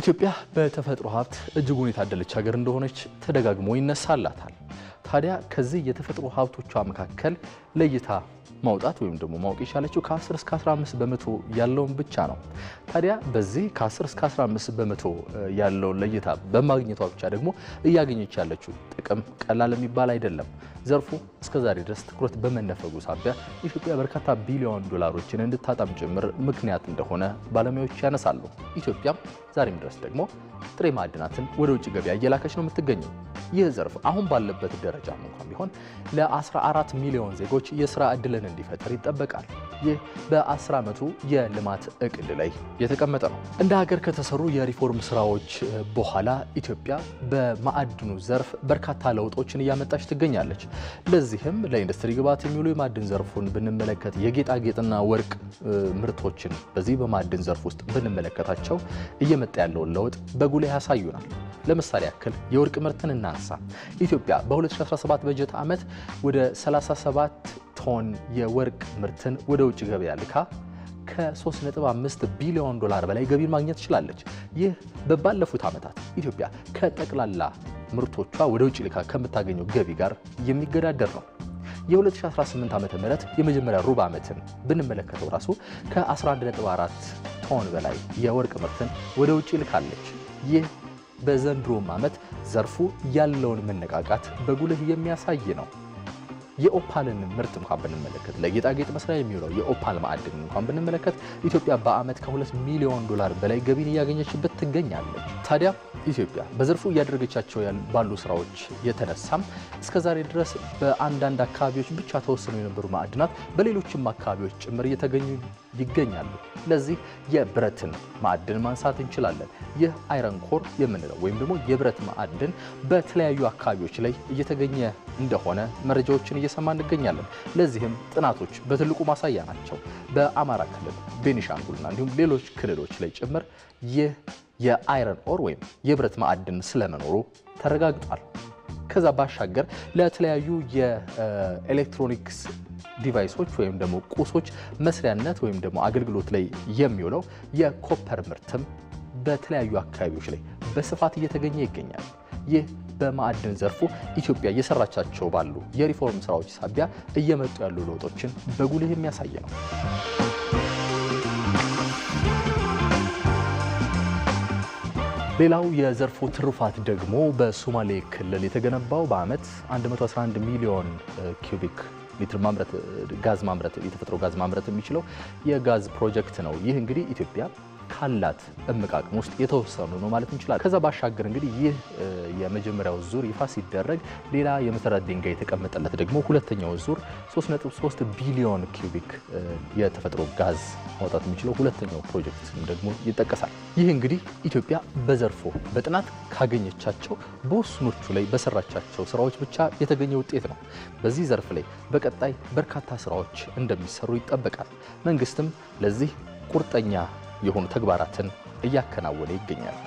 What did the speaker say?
ኢትዮጵያ በተፈጥሮ ሀብት እጅጉን የታደለች ሀገር እንደሆነች ተደጋግሞ ይነሳላታል። ታዲያ ከዚህ የተፈጥሮ ሀብቶቿ መካከል ለይታ ማውጣት ወይም ደግሞ ማወቅ የቻለችው ከ10 እስከ 15 በመቶ ያለውን ብቻ ነው። ታዲያ በዚህ ከ10 እስከ 15 በመቶ ያለውን ለይታ በማግኘቷ ብቻ ደግሞ እያገኘች ያለችው ጥቅም ቀላል የሚባል አይደለም። ዘርፉ እስከ ዛሬ ድረስ ትኩረት በመነፈጉ ሳቢያ ኢትዮጵያ በርካታ ቢሊዮን ዶላሮችን እንድታጣም ጭምር ምክንያት እንደሆነ ባለሙያዎች ያነሳሉ። ኢትዮጵያም ዛሬም ድረስ ደግሞ ጥሬ ማዕድናትን ወደ ውጭ ገበያ እየላከች ነው የምትገኘው። ይህ ዘርፍ አሁን ባለበት ደረጃም እንኳን ቢሆን ለ14 ሚሊዮን ዜጎች የስራ ዕድልን እንዲፈጠር ይጠበቃል። ይህ በ10 ዓመቱ የልማት እቅድ ላይ የተቀመጠ ነው። እንደ ሀገር ከተሰሩ የሪፎርም ስራዎች በኋላ ኢትዮጵያ በማዕድኑ ዘርፍ በርካታ ለውጦችን እያመጣች ትገኛለች። ለዚህም ለኢንዱስትሪ ግብዓት የሚውሉ የማዕድን ዘርፉን ብንመለከት፣ የጌጣጌጥና ወርቅ ምርቶችን በዚህ በማዕድን ዘርፍ ውስጥ ብንመለከታቸው እየመጣ ያለውን ለውጥ በጉልህ ያሳዩናል። ለምሳሌ ያክል የወርቅ ምርትን እናንሳ። ኢትዮጵያ በ2017 በጀት ዓመት ወደ 37 ቶን የወርቅ ምርትን ወደ ውጭ ገበያ ልካ ከ3.5 ቢሊዮን ዶላር በላይ ገቢን ማግኘት ትችላለች። ይህ በባለፉት ዓመታት ኢትዮጵያ ከጠቅላላ ምርቶቿ ወደ ውጭ ልካ ከምታገኘው ገቢ ጋር የሚገዳደር ነው። የ2018 ዓ ም የመጀመሪያ ሩብ ዓመትን ብንመለከተው ራሱ ከ11.4 ቶን በላይ የወርቅ ምርትን ወደ ውጭ ልካለች። ይህ በዘንድሮም ዓመት ዘርፉ ያለውን መነቃቃት በጉልህ የሚያሳይ ነው። የኦፓልን ምርት እንኳን ብንመለከት ለጌጣጌጥ መስሪያ የሚውለው የኦፓል ማዕድን እንኳን ብንመለከት ኢትዮጵያ በዓመት ከሁለት ሚሊዮን ዶላር በላይ ገቢን እያገኘችበት ትገኛለች። ታዲያ ኢትዮጵያ በዘርፉ እያደረገቻቸው ባሉ ስራዎች የተነሳም እስከ ዛሬ ድረስ በአንዳንድ አካባቢዎች ብቻ ተወስኑ የነበሩ ማዕድናት በሌሎችም አካባቢዎች ጭምር እየተገኙ ይገኛሉ። ለዚህ የብረትን ማዕድን ማንሳት እንችላለን። ይህ አይረን ኮር የምንለው ወይም ደግሞ የብረት ማዕድን በተለያዩ አካባቢዎች ላይ እየተገኘ እንደሆነ መረጃዎችን እየሰማ እንገኛለን። ለዚህም ጥናቶች በትልቁ ማሳያ ናቸው። በአማራ ክልል፣ ቤኒሻንጉልና እንዲሁም ሌሎች ክልሎች ላይ ጭምር ይህ የአይረን ኦር ወይም የብረት ማዕድን ስለመኖሩ ተረጋግጧል። ከዛ ባሻገር ለተለያዩ የኤሌክትሮኒክስ ዲቫይሶች ወይም ደግሞ ቁሶች መስሪያነት ወይም ደግሞ አገልግሎት ላይ የሚውለው የኮፐር ምርትም በተለያዩ አካባቢዎች ላይ በስፋት እየተገኘ ይገኛል። ይህ በማዕድን ዘርፉ ኢትዮጵያ እየሰራቻቸው ባሉ የሪፎርም ስራዎች ሳቢያ እየመጡ ያሉ ለውጦችን በጉልህ የሚያሳይ ነው። ሌላው የዘርፉ ትሩፋት ደግሞ በሶማሌ ክልል የተገነባው በዓመት 111 ሚሊዮን ኪዩቢክ ሊትር ማምረት ጋዝ ማምረት የተፈጥሮ ጋዝ ማምረት የሚችለው የጋዝ ፕሮጀክት ነው። ይህ እንግዲህ ኢትዮጵያ ካላት እምቅ አቅም ውስጥ የተወሰኑ ነው ማለት እንችላለን። ከዛ ባሻገር እንግዲህ ይህ የመጀመሪያው ዙር ይፋ ሲደረግ ሌላ የመሰረት ድንጋይ የተቀመጠለት ደግሞ ሁለተኛው ዙር 3.3 ቢሊዮን ኪዩቢክ የተፈጥሮ ጋዝ ማውጣት የሚችለው ሁለተኛው ፕሮጀክት ደግሞ ይጠቀሳል። ይህ እንግዲህ ኢትዮጵያ በዘርፎ በጥናት ካገኘቻቸው በወስኖቹ ላይ በሰራቻቸው ስራዎች ብቻ የተገኘ ውጤት ነው። በዚህ ዘርፍ ላይ በቀጣይ በርካታ ስራዎች እንደሚሰሩ ይጠበቃል። መንግስትም ለዚህ ቁርጠኛ የሆኑ ተግባራትን እያከናወነ ይገኛል።